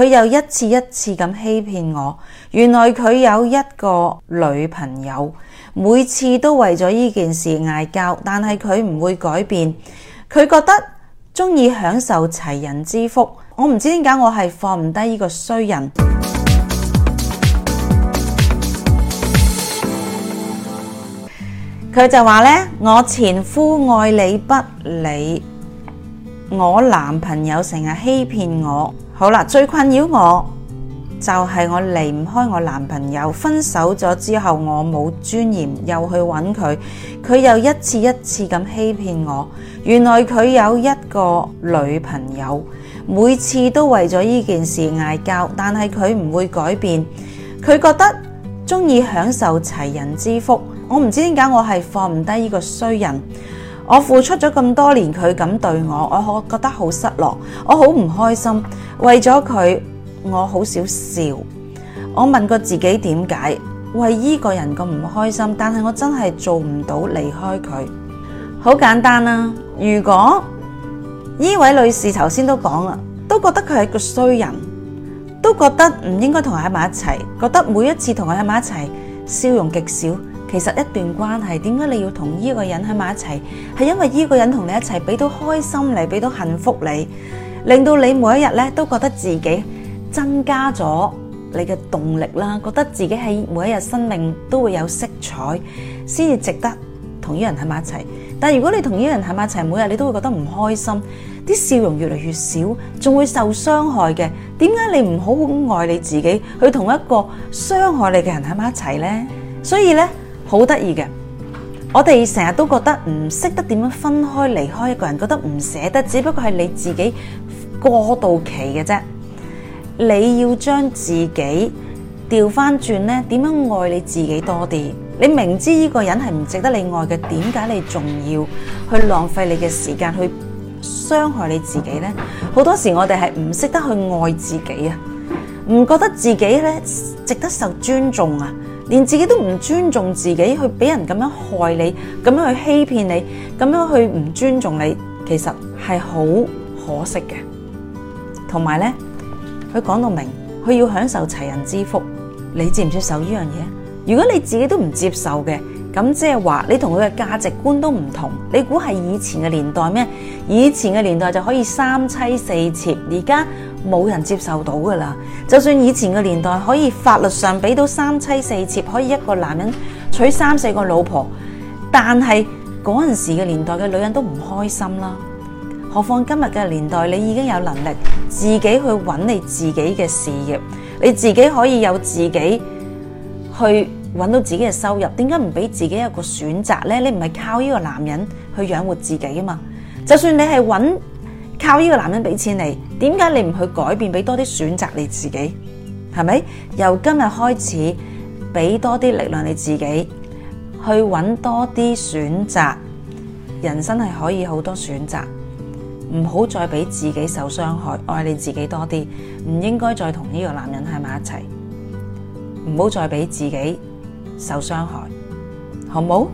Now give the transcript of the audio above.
佢又一次一次咁欺騙我。原來佢有一個女朋友，每次都為咗呢件事嗌交，但係佢唔會改變。佢覺得中意享受齊人之福。我唔知點解我係放唔低呢個衰人。佢 就話咧：我前夫愛理不理，我男朋友成日欺騙我。好啦，最困擾我就係我離唔開我男朋友，分手咗之後我冇尊嚴，又去揾佢，佢又一次一次咁欺騙我。原來佢有一個女朋友，每次都為咗呢件事嗌交，但係佢唔會改變。佢覺得中意享受齊人之福。我唔知點解我係放唔低呢個衰人。我付出咗咁多年，佢咁對我，我好覺得好失落，我好唔開心。為咗佢，我好少笑。我問過自己點解為呢個人咁唔開心，但係我真係做唔到離開佢。好簡單啦，啊，如果呢位女士頭先都講啦，都覺得佢係個衰人，都覺得唔應該同佢喺埋一齊，覺得每一次同佢喺埋一齊，笑容極少。其實一段關係點解你要同依個人喺埋一齊？係因為依個人同你一齊俾到開心，你俾到幸福你，令到你每一日咧都覺得自己增加咗你嘅動力啦，覺得自己喺每一日生命都會有色彩，先至值得同依個人喺埋一齊。但如果你同依個人喺埋一齊，每日你都會覺得唔開心，啲笑容越嚟越少，仲會受傷害嘅。點解你唔好好愛你自己，去同一個傷害你嘅人喺埋一齊呢？所以呢。好得意嘅，我哋成日都覺得唔識得點樣分開離開一個人，覺得唔捨得，只不過係你自己過渡期嘅啫。你要將自己調翻轉呢，點樣愛你自己多啲？你明知呢個人係唔值得你愛嘅，點解你仲要去浪費你嘅時間去傷害你自己呢？好多時我哋係唔識得去愛自己啊，唔覺得自己呢值得受尊重啊。連自己都唔尊重自己，去俾人咁樣害你，咁樣去欺騙你，咁樣去唔尊重你，其實係好可惜嘅。同埋呢，佢講到明，佢要享受齊人之福，你接唔接受呢樣嘢？如果你自己都唔接受嘅。咁即係話你同佢嘅價值觀都唔同，你估係以前嘅年代咩？以前嘅年代就可以三妻四妾，而家冇人接受到㗎喇。就算以前嘅年代可以法律上俾到三妻四妾，可以一個男人娶三四個老婆，但係嗰陣時嘅年代嘅女人都唔開心啦。何況今日嘅年代，你已經有能力自己去揾你自己嘅事業，你自己可以有自己去。揾到自己嘅收入，點解唔俾自己一個選擇呢？你唔係靠呢個男人去養活自己啊嘛？就算你係揾靠呢個男人俾錢你，點解你唔去改變，俾多啲選擇你自己？係咪？由今日開始，俾多啲力量你自己，去揾多啲選擇。人生係可以好多選擇，唔好再俾自己受傷害，愛你自己多啲，唔應該再同呢個男人喺埋一齊，唔好再俾自己。受傷害，好冇？